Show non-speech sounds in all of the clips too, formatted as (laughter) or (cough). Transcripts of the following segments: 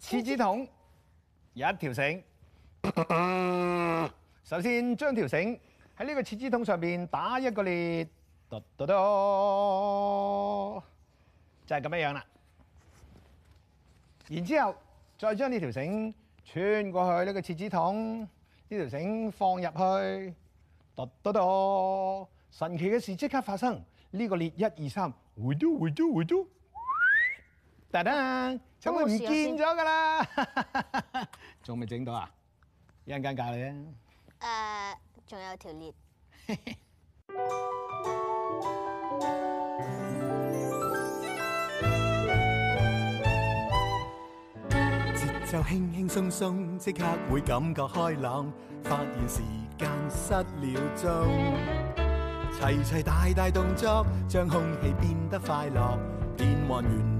廁紙筒，有一條繩，呃。首先將條繩喺呢個廁紙筒上面打一個列，哆哆哆，就係、是、咁樣樣啦。然之後再將呢條繩穿過去呢個廁紙筒，呢條繩放入去，哆哆哆，神奇嘅事即刻發生。呢、這個列一二三，嘟嘟嘟。但等下，差唔多唔見咗噶啦，仲未整到啊？一陣間教你啊！誒，仲有條裂。節奏輕輕鬆鬆，即刻會感覺開朗，發現時間失了蹤，齊齊大大動作，將空氣變得快樂，變換完。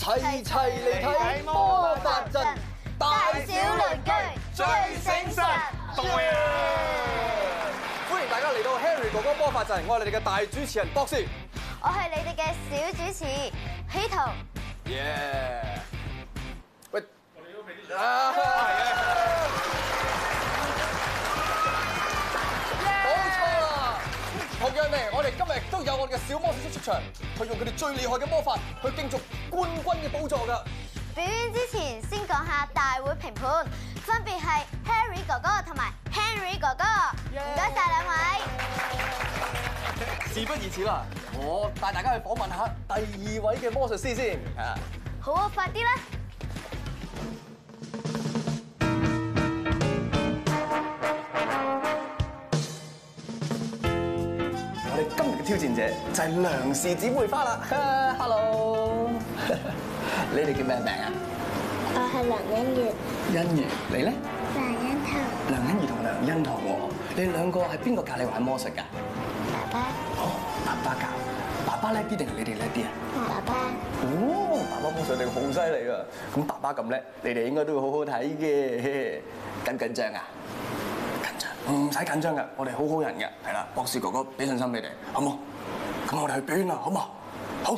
齊齊嚟睇魔法陣，大小鄰居最誠實。動歡迎大家嚟到 Henry 哥哥的魔法陣，我係你哋嘅大主持人博士，我係你哋嘅小主持希彤。Yeah，喂。Yeah. Yeah. 嘅小魔術師出場，佢用佢哋最厲害嘅魔法去競逐冠軍嘅寶座㗎。表演之前先講下大會評判，分別係 Harry 哥哥同埋 Henry 哥哥，唔該晒兩位。Yeah. 事不宜遲啦，我帶大家去訪問下第二位嘅魔術師先嚇、yeah. 好啊，快啲啦！今日嘅挑戰者就係梁氏姊妹花啦，hello，你哋叫咩名啊？名我係梁欣怡。欣怡，你咧？梁欣棠。梁欣怡同梁欣棠喎，你兩個係邊個教你玩魔術㗎？爸爸。哦，爸爸教，爸爸叻啲定係你哋叻啲啊？爸爸。哦，爸爸魔術你好犀利啊。咁爸爸咁叻，你哋應該都會好好睇嘅，緊唔緊張啊？唔使緊張嘅，我哋好好人嘅，係啦，博士哥哥俾信心俾你，好冇？咁我哋去端表演啦，好唔好？好。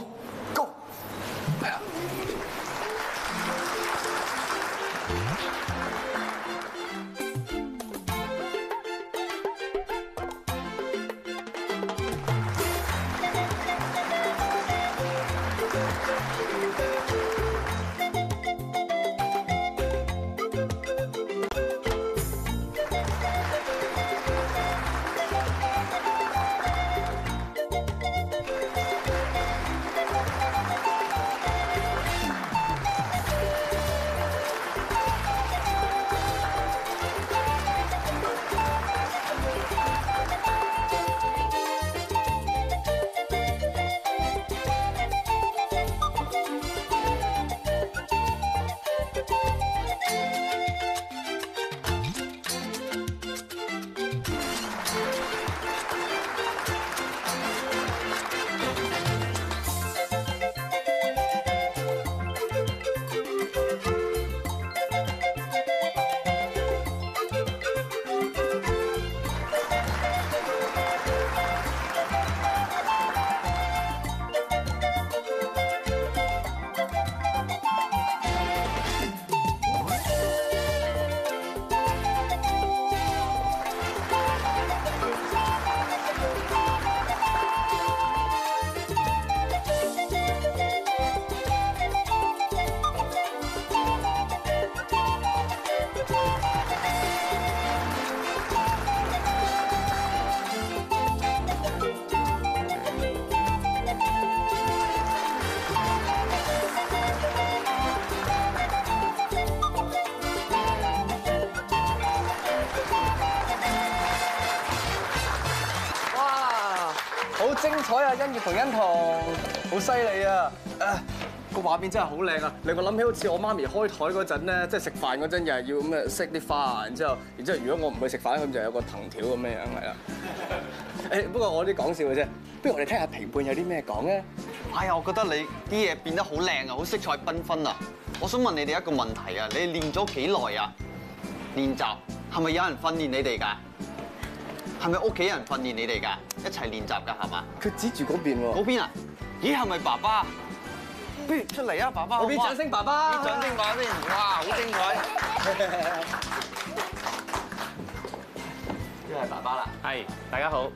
彩啊！欣月同欣彤，好犀利啊！誒，個畫面真係好靚啊！令我諗起好似我媽咪開台嗰陣咧，即係食飯嗰陣又係要咁誒飾啲花，然之後，然之後如果我唔去食飯咧，咁就有一個藤條咁樣樣，係啦。誒，不過我有啲講笑嘅啫。不如我哋聽下評判有啲咩講咧？哎呀，我覺得你啲嘢變得好靚啊，好色彩繽紛啊！我想問你哋一個問題啊，你練咗幾耐啊？練習係咪有人訓練你哋㗎？係咪屋企人訓練你哋㗎？一齊練習㗎係嘛？佢指住嗰邊喎。嗰邊啊？咦係咪爸爸？不如出嚟啊，爸爸，嗰邊掌聲，爸爸，嗰邊掌聲，爸爸先，哇，好精彩！呢個係爸爸啦。係，大家好。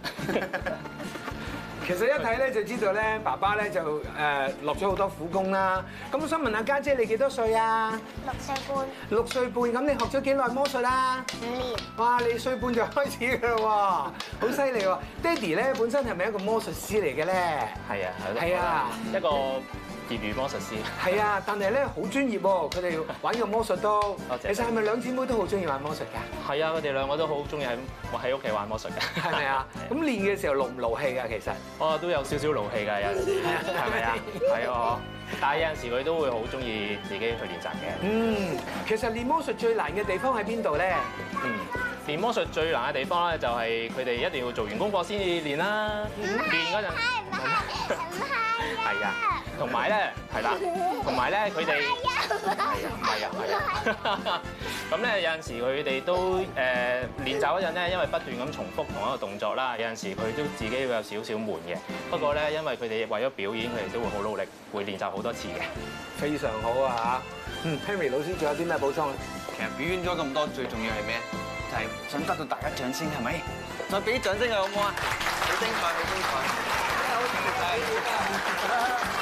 其實一睇咧就知道咧，爸爸咧就誒落咗好多苦功啦。咁我想問下家姐，你幾多歲啊？六歲半。六歲半，咁你學咗幾耐魔術啦？五年。哇！你歲半就開始噶啦喎，好犀利喎。爹哋咧本身係咪一個魔術師嚟嘅咧？係啊，係啊，一個。業餘魔術師，係啊，但係咧好專業喎，佢哋要玩個魔術都。其實係咪兩姊妹都好中意玩魔術㗎？係啊，佢哋兩個都好中意喺喺屋企玩魔術嘅，係咪啊？咁練嘅時候勞唔勞氣㗎？其實我都有少少勞氣㗎，有陣時係咪啊？係 (laughs) 啊，但係有陣時佢都會好中意自己去練習嘅。嗯，其實練魔術最難嘅地方喺邊度咧？嗯。練魔術最難嘅地方咧，就係佢哋一定要做完功課先至練啦。練嗰陣，唔係唔係啊！係啊，同埋咧，係啦，同埋咧，佢哋係啊，係啊，咁咧有陣 (laughs) (laughs) 時佢哋都誒練習嗰陣咧，因為不斷咁重複同一個動作啦，有陣時佢都自己會有少少悶嘅。不過咧，因為佢哋為咗表演，佢哋都會好努力，會練習好多次嘅。非常好啊嚇，嗯，Pammy 老師仲有啲咩補充咧？其實表演咗咁多，最重要係咩？想得到大家掌聲係咪？再俾啲掌聲佢好唔好啊？好精彩，好精彩，真係好精彩！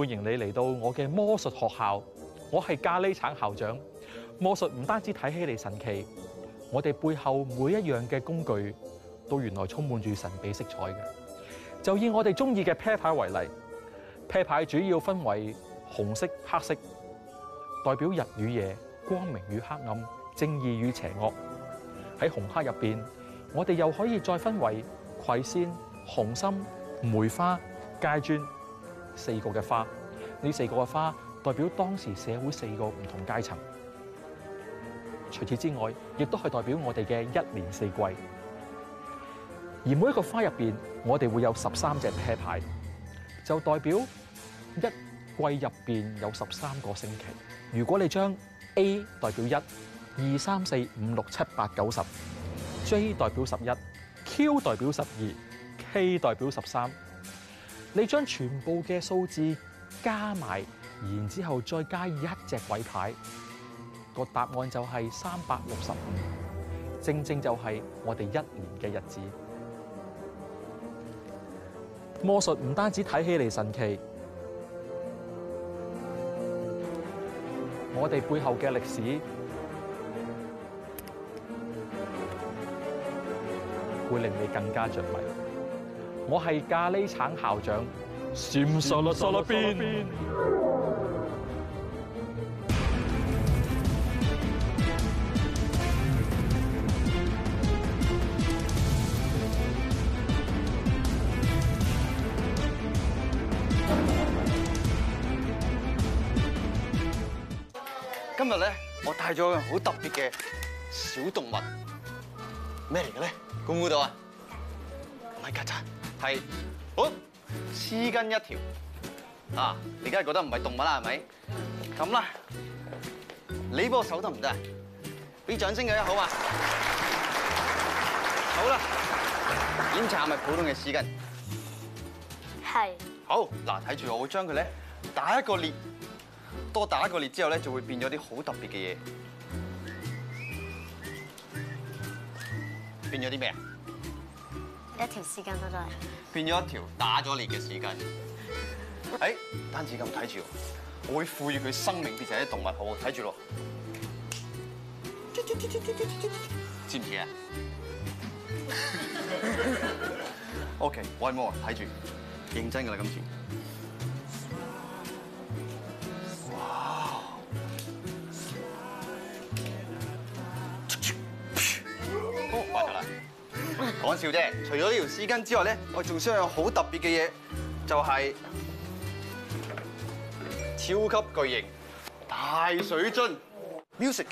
歡迎你嚟到我嘅魔術學校，我係咖喱橙校長。魔術唔單止睇起嚟神奇，我哋背後每一樣嘅工具都原來充滿住神秘色彩嘅。就以我哋中意嘅啤牌為例，啤牌主要分為紅色、黑色，代表日與夜、光明與黑暗、正義與邪惡。喺紅黑入邊，我哋又可以再分為葵扇、紅心、梅花、階磚。四個嘅花，呢四個嘅花代表當時社會四個唔同階層。除此之外，亦都係代表我哋嘅一年四季。而每一個花入邊，我哋會有十三隻啤牌，就代表一季入邊有十三個星期。如果你將 A 代表一二三四五六七八九十，J 代表十一，Q 代表十二，K 代表十三。你將全部嘅數字加埋，然之後再加一隻鬼牌，個答案就係三百六十五，正正就係我哋一年嘅日子。魔術唔單止睇起嚟神奇，我哋背後嘅歷史會令你更加着迷。我係咖喱橙校長，閃！沙啦沙啦邊？今日咧，我帶咗個好特別嘅小動物，咩嚟嘅咧？估唔估到啊？係，哦，絲巾一條，啊，你梗係覺得唔係動物啦，係咪？咁啦，你幫我手得唔得？俾掌聲佢啊，好嘛？好啦，檢查咪普通嘅絲巾，係。好，嗱，睇住我，會將佢咧打一個裂，多打一個裂之後咧，就會變咗啲好特別嘅嘢，變咗啲咩？一條絲巾都得，變咗一條打咗裂嘅絲巾。哎，單此咁睇住，我會賦予佢生命，變成一啲動物，好好睇住咯。尖唔尖？OK，我 o r e 睇住，認真噶啦，今次。講笑啫！除咗呢條絲巾之外咧，我仲需要好特別嘅嘢，就係，就係超級巨型大水樽。Music。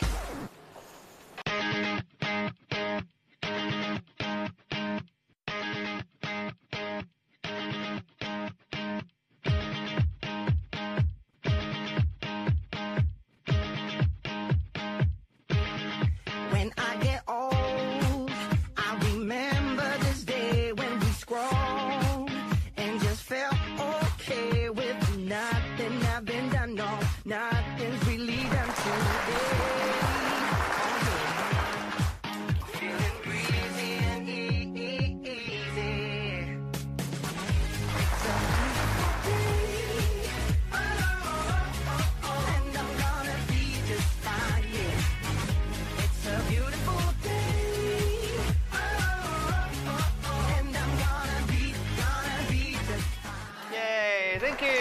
thank you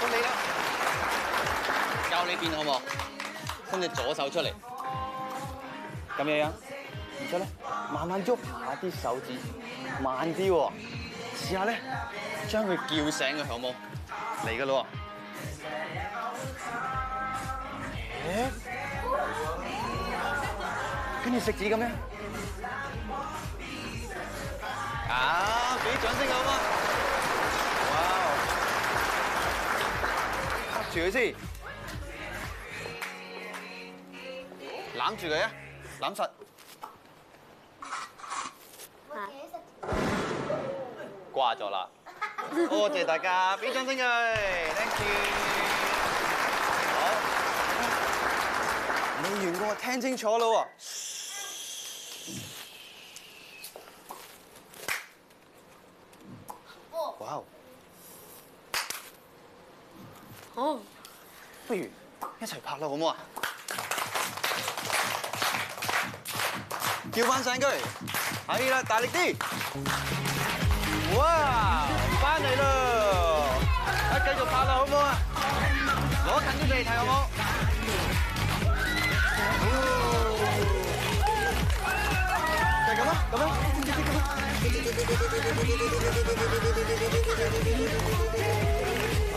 到你啦，教你變好唔好？伸隻左手出嚟，咁樣樣，然之後咧，慢慢喐下啲手指，慢啲喎，試下咧，將佢叫醒佢好唔好？嚟噶啦，跟住食指咁樣？啊，俾掌聲好唔住佢先，攬住佢啊，攬實，掛咗啦，多謝大家，俾掌聲佢，Thank you，未完喎，聽清楚啦喎。哦，不如一齊拍啦，好唔好啊？叫翻聲佢，係啦，大力啲。哇，翻嚟咯，啊，繼續拍咯，好唔好啊？攞近啲嚟睇，好唔好？就咁啦，咁啦，啊？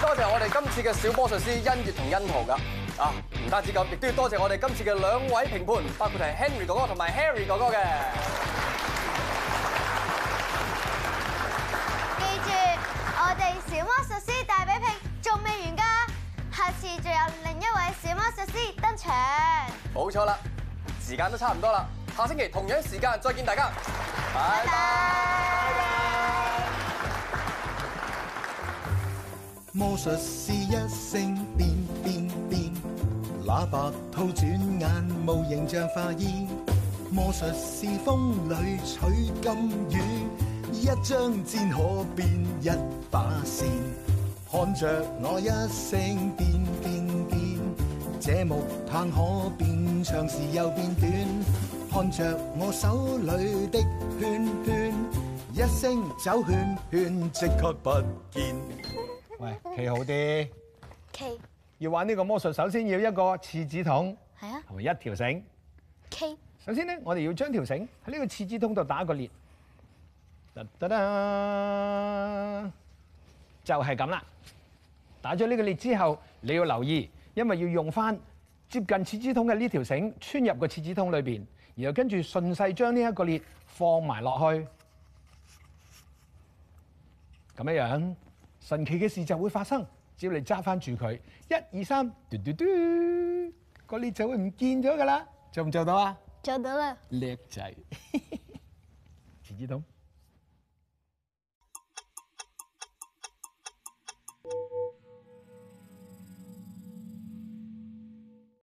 多謝我哋今次嘅小魔術師欣月同恩豪噶，啊唔單止咁，亦都要多謝我哋今次嘅兩位評判，包括係 Henry 哥哥同埋 Harry 哥哥嘅。記住，我哋小魔術師大比拼仲未完噶，下次仲有另一位小魔術師登場。冇錯啦，時間都差唔多啦，下星期同樣時間再見大家。拜拜，拜。魔術師一聲變變變，喇叭套轉眼無形象化煙。魔術師風裏取金魚，一張氈可變一把扇。看着我一聲變變變，這木炭可變長時又變短。看着我手裏的圈圈，一聲走圈圈即刻不見。企好啲，K 要玩呢個魔術，首先要一個廁紙筒，係啊，同埋一條繩，K。首先咧，我哋要將條繩喺呢個廁紙筒度打個裂，嗒嗒，就係咁啦。打咗呢個裂之後，你要留意，因為要用翻接近廁紙筒嘅呢條繩穿入個廁紙筒裏邊，然後跟住順勢將呢一個裂放埋落去，咁樣樣。神奇嘅事就會發生，只要你揸翻住佢，一二三，嘟嘟嘟，個裂就會唔見咗㗎啦！做唔做到啊？做到啦，叻仔，自 (laughs) 己知